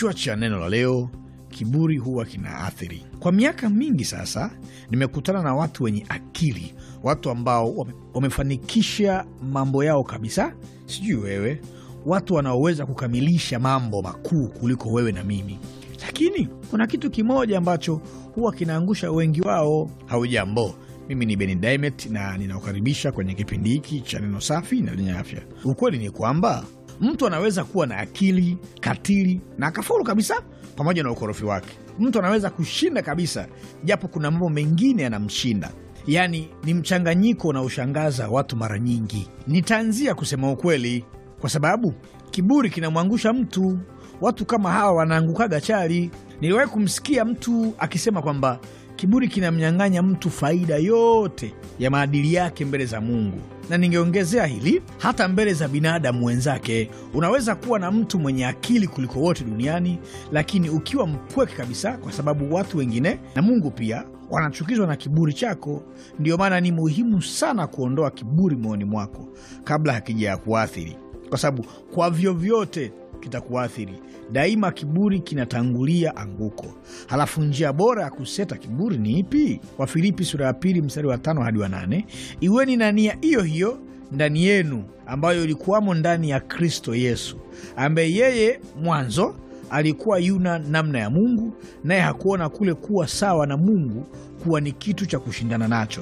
Kichwa cha neno la leo: kiburi huwa kinaathiri. Kwa miaka mingi sasa nimekutana na watu wenye akili, watu ambao wamefanikisha mambo yao kabisa, sijui wewe, watu wanaoweza kukamilisha mambo makuu kuliko wewe na mimi, lakini kuna kitu kimoja ambacho huwa kinaangusha wengi wao. Haujambo, mimi ni Beni Dimet na ninakukaribisha kwenye kipindi hiki cha neno safi na lenye afya. Ukweli ni kwamba Mtu anaweza kuwa na akili katili na akafaulu kabisa pamoja na ukorofi wake. Mtu anaweza kushinda kabisa, japo kuna mambo mengine yanamshinda. Yaani ni mchanganyiko unaoshangaza watu mara nyingi. Nitaanzia kusema ukweli, kwa sababu kiburi kinamwangusha mtu. Watu kama hawa wanaangukaga chali. Niliwahi kumsikia mtu akisema kwamba Kiburi kinamnyang'anya mtu faida yote ya maadili yake mbele za Mungu, na ningeongezea hili hata mbele za binadamu wenzake. Unaweza kuwa na mtu mwenye akili kuliko wote duniani, lakini ukiwa mpweke kabisa, kwa sababu watu wengine na Mungu pia wanachukizwa na kiburi chako. Ndiyo maana ni muhimu sana kuondoa kiburi moyoni mwako kabla hakija ya kuathiri, kwa sababu kwa vyovyote kitakuathiri daima. Kiburi kinatangulia anguko. Halafu njia bora ya kuseta kiburi ni ipi? Wafilipi sura ya pili mstari wa tano hadi wa nane iweni na nia hiyo hiyo ndani yenu ambayo ilikuwamo ndani ya Kristo Yesu, ambaye yeye mwanzo alikuwa yuna namna ya Mungu, naye hakuona kule kuwa sawa na Mungu kuwa ni kitu cha kushindana nacho,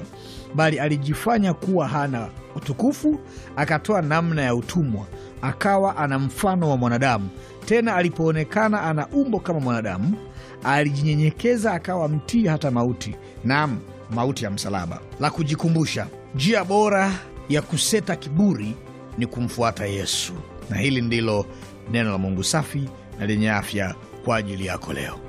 bali alijifanya kuwa hana utukufu, akatoa namna ya utumwa, akawa ana mfano wa mwanadamu, tena alipoonekana ana umbo kama mwanadamu alijinyenyekeza akawa mtii hata mauti, naam, mauti ya msalaba. La kujikumbusha, njia bora ya kuseta kiburi ni kumfuata Yesu, na hili ndilo neno la Mungu safi na lenye afya kwa ajili yako leo.